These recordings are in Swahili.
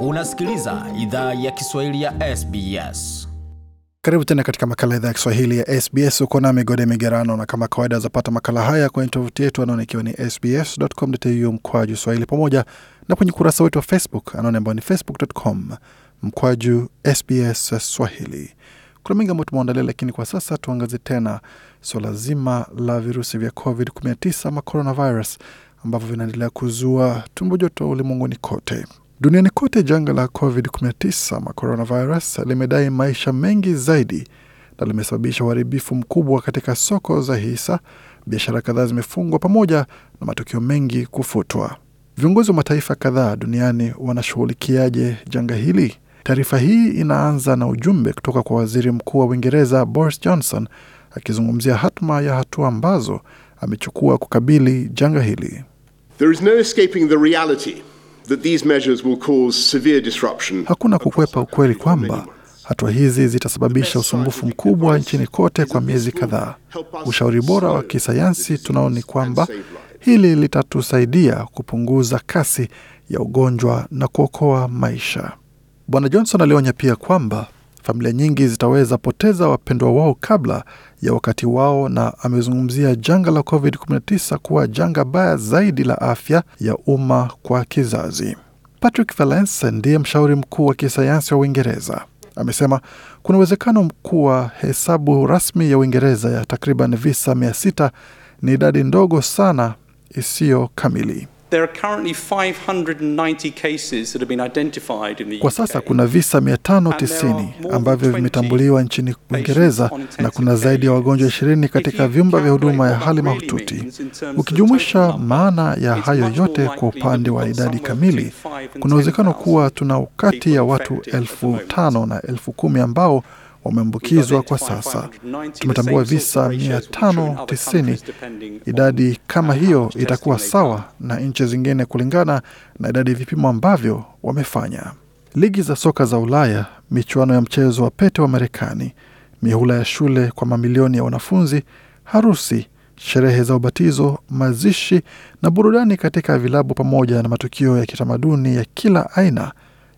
Unasikiliza idhaa ya Kiswahili ya SBS. Karibu tena katika makala idhaa ya Kiswahili ya SBS. Uko na migode migerano, na kama kawaida azapata makala haya kwenye tovuti yetu anaone ikiwa ni sbs.com.au mkwaju swahili, pamoja na kwenye ukurasa wetu wa Facebook anaone ambao ni facebook.com mkwaju SBS Swahili. Kuna mengi ambayo tumeandalia, lakini kwa sasa tuangazie tena suala so zima la virusi vya COVID-19 ama coronavirus ambavyo vinaendelea kuzua tumbo joto ulimwenguni kote. Duniani kote janga la COVID-19 ama coronavirus limedai maisha mengi zaidi na limesababisha uharibifu mkubwa katika soko za hisa, biashara kadhaa zimefungwa pamoja na matukio mengi kufutwa. Viongozi wa mataifa kadhaa duniani wanashughulikiaje janga hili? Taarifa hii inaanza na ujumbe kutoka kwa waziri mkuu wa Uingereza Boris Johnson akizungumzia hatma ya hatua ambazo amechukua kukabili janga hili. There is no escaping the reality Hakuna kukwepa ukweli kwamba hatua hizi zitasababisha usumbufu mkubwa nchini kote kwa miezi kadhaa. Ushauri bora wa kisayansi tunao ni kwamba hili litatusaidia kupunguza kasi ya ugonjwa na kuokoa maisha. Bwana Johnson alionya pia kwamba familia nyingi zitaweza poteza wapendwa wao kabla ya wakati wao, na amezungumzia janga la COVID-19 kuwa janga baya zaidi la afya ya umma kwa kizazi. Patrick Valence ndiye mshauri mkuu wa kisayansi wa Uingereza amesema kuna uwezekano mkuu wa hesabu rasmi ya Uingereza ya takriban visa mia sita ni idadi ndogo sana isiyo kamili. There are currently 590 cases that have been identified in the UK. Kwa sasa kuna visa 590 ambavyo vimetambuliwa nchini Uingereza na kuna zaidi ya wagonjwa 20 katika vyumba vya huduma ya hali mahututi. Ukijumuisha maana ya hayo yote kwa upande wa idadi kamili, kuna uwezekano kuwa tuna kati ya watu elfu tano na elfu kumi ambao wameambukizwa kwa sasa. Tumetambua visa 590. Idadi kama hiyo itakuwa sawa na nchi zingine kulingana na idadi ya vipimo ambavyo wamefanya. Ligi za soka za Ulaya, michuano ya mchezo wa pete wa Marekani, mihula ya shule kwa mamilioni ya wanafunzi, harusi, sherehe za ubatizo, mazishi na burudani katika vilabu, pamoja na matukio ya kitamaduni ya kila aina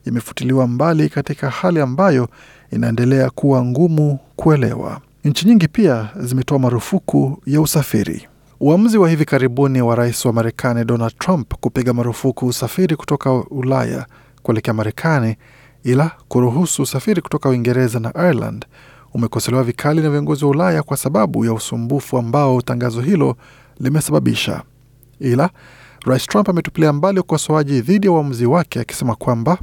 yamefutiliwa mbali katika hali ambayo inaendelea kuwa ngumu kuelewa. Nchi nyingi pia zimetoa marufuku ya usafiri. Uamuzi wa hivi karibuni wa rais wa Marekani Donald Trump kupiga marufuku usafiri kutoka Ulaya kuelekea Marekani, ila kuruhusu usafiri kutoka Uingereza na Ireland umekosolewa vikali na viongozi wa Ulaya kwa sababu ya usumbufu ambao tangazo hilo limesababisha. Ila rais Trump ametupilia mbali ukosoaji dhidi ya uamuzi wake akisema kwamba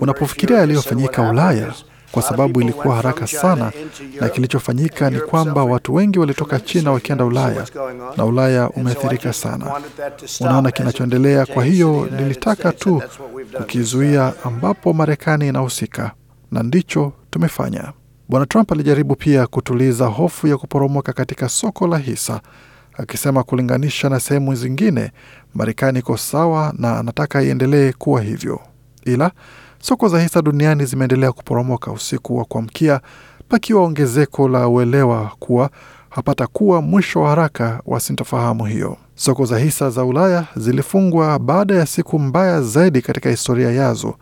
Unapofikiria yaliyofanyika Ulaya, kwa sababu ilikuwa haraka sana, na kilichofanyika ni kwamba watu wengi walitoka China wakienda Ulaya, na Ulaya umeathirika sana. Unaona kinachoendelea. Kwa hiyo nilitaka tu kukizuia ambapo Marekani inahusika, na ndicho tumefanya. Bwana Trump alijaribu pia kutuliza hofu ya kuporomoka katika soko la hisa akisema kulinganisha na sehemu zingine, Marekani iko sawa na anataka iendelee kuwa hivyo. Ila soko za hisa duniani zimeendelea kuporomoka usiku wa kuamkia, pakiwa ongezeko la uelewa kuwa hapata kuwa mwisho wa haraka wa sintofahamu hiyo. Soko za hisa za Ulaya zilifungwa baada ya siku mbaya zaidi katika historia yazo,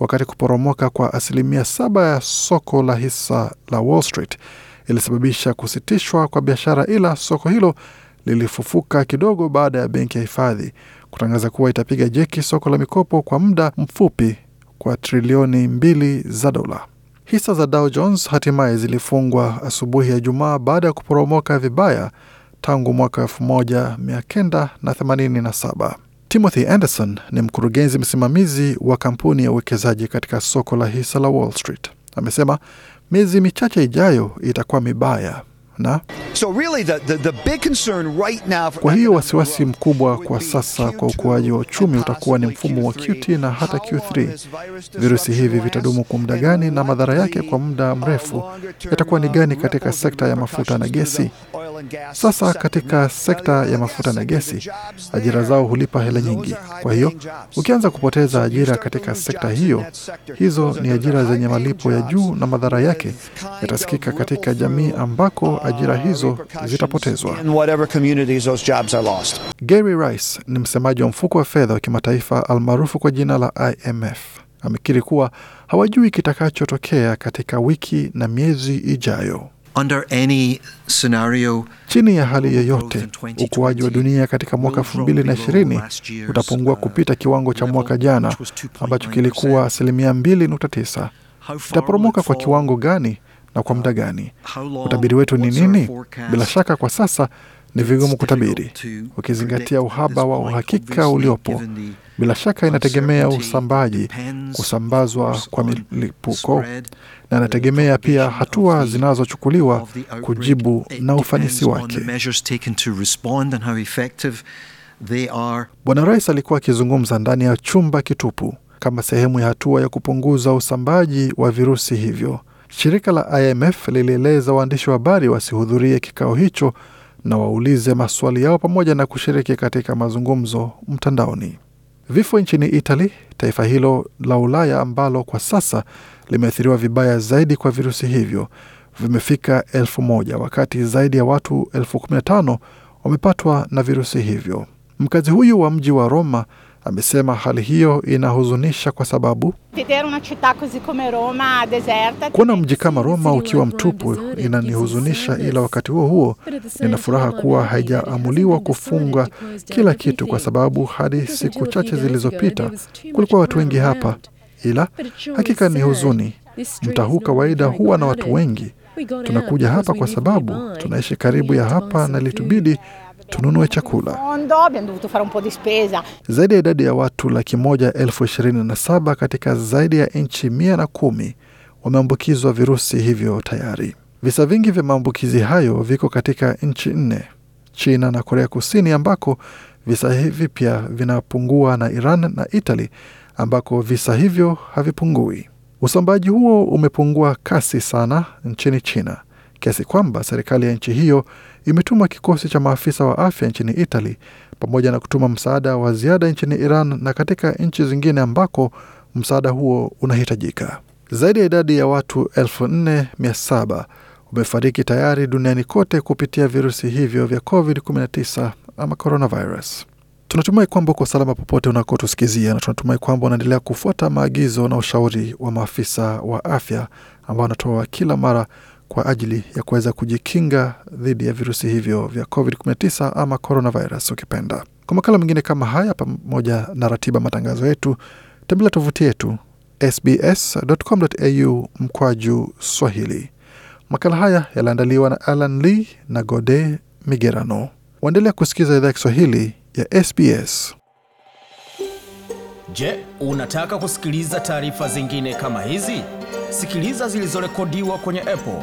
wakati kuporomoka kwa asilimia saba ya soko la hisa la Wall Street ilisababisha kusitishwa kwa biashara, ila soko hilo lilifufuka kidogo baada ya benki ya hifadhi kutangaza kuwa itapiga jeki soko la mikopo kwa muda mfupi kwa trilioni mbili za dola. Hisa za Dow Jones hatimaye zilifungwa asubuhi ya Jumaa baada ya kuporomoka vibaya tangu mwaka 1987. Timothy Anderson ni mkurugenzi msimamizi wa kampuni ya uwekezaji katika soko la hisa la Wall Street. Amesema miezi michache ijayo itakuwa mibaya na kwa hiyo wasiwasi mkubwa kwa sasa kwa ukuaji wa uchumi utakuwa ni mfumo wa qt na hata Q3. Virusi hivi vitadumu kwa muda gani, na madhara yake kwa muda mrefu yatakuwa ni gani katika sekta ya mafuta na gesi? Sasa katika sekta ya mafuta na gesi, ajira zao hulipa hela nyingi. Kwa hiyo ukianza kupoteza ajira katika sekta hiyo, hizo ni ajira zenye malipo ya juu, na madhara yake yatasikika katika jamii ambako ajira hizo zitapotezwa. Gary Rice ni msemaji wa mfuko wa fedha wa kimataifa almaarufu kwa jina la IMF amekiri kuwa hawajui kitakachotokea katika wiki na miezi ijayo. Chini ya hali yoyote, ukuaji wa dunia katika mwaka 220 utapungua uh, kupita kiwango cha mwaka jana ambacho kilikuwa asilimia 2.9. Itaporomoka kwa kiwango gani na kwa muda gani? Utabiri wetu ni nini? Bila shaka kwa sasa ni vigumu kutabiri, ukizingatia uhaba wa uhakika uliopo. Bila shaka inategemea usambaji, kusambazwa kwa milipuko, na inategemea pia hatua zinazochukuliwa kujibu na ufanisi wake. Bwana Rais alikuwa akizungumza ndani ya chumba kitupu kama sehemu ya hatua ya kupunguza usambaji wa virusi hivyo. Shirika la IMF lilieleza waandishi wa habari wasihudhurie kikao hicho na waulize maswali yao pamoja na kushiriki katika mazungumzo mtandaoni. Vifo nchini Itali, taifa hilo la Ulaya ambalo kwa sasa limeathiriwa vibaya zaidi kwa virusi hivyo, vimefika elfu moja wakati zaidi ya watu elfu kumi na tano wamepatwa na virusi hivyo. Mkazi huyu wa mji wa Roma amesema hali hiyo inahuzunisha kwa sababu kuona mji kama Roma ukiwa mtupu inanihuzunisha, ila wakati huo huo nina furaha kuwa haijaamuliwa kufunga kila kitu, kwa sababu hadi siku chache zilizopita kulikuwa watu wengi hapa, ila hakika ni huzuni. Mtaa huu kawaida huwa na watu wengi. Tunakuja hapa kwa sababu tunaishi karibu ya hapa na litubidi tununue chakula. Zaidi ya idadi ya watu laki moja elfu ishirini na saba katika zaidi ya nchi mia na kumi wameambukizwa virusi hivyo tayari. Visa vingi vya maambukizi hayo viko katika nchi nne, China na Korea Kusini, ambako visa hivi pia vinapungua na Iran na Itali ambako visa hivyo havipungui. Usambaji huo umepungua kasi sana nchini China kiasi kwamba serikali ya nchi hiyo imetuma kikosi cha maafisa wa afya nchini Italy pamoja na kutuma msaada wa ziada nchini Iran na katika nchi zingine ambako msaada huo unahitajika. Zaidi ya idadi ya watu 47 wamefariki tayari duniani kote kupitia virusi hivyo vya COVID-19 ama coronavirus. Tunatumai kwamba uko salama popote unakotusikizia, na tunatumai kwamba unaendelea kufuata maagizo na ushauri wa maafisa wa afya ambao wanatoa kila mara kwa ajili ya kuweza kujikinga dhidi ya virusi hivyo vya COVID-19 ama coronavirus ukipenda. Kwa makala mengine kama haya, pamoja na ratiba matangazo yetu, tembelea tovuti yetu sbs.com.au mkwaju Swahili. Makala haya yaliandaliwa na Alan Lee na Gode Migerano. Waendelea kusikiza idhaa ya Kiswahili ya SBS. Je, unataka kusikiliza taarifa zingine kama hizi? Sikiliza zilizorekodiwa kwenye Apple,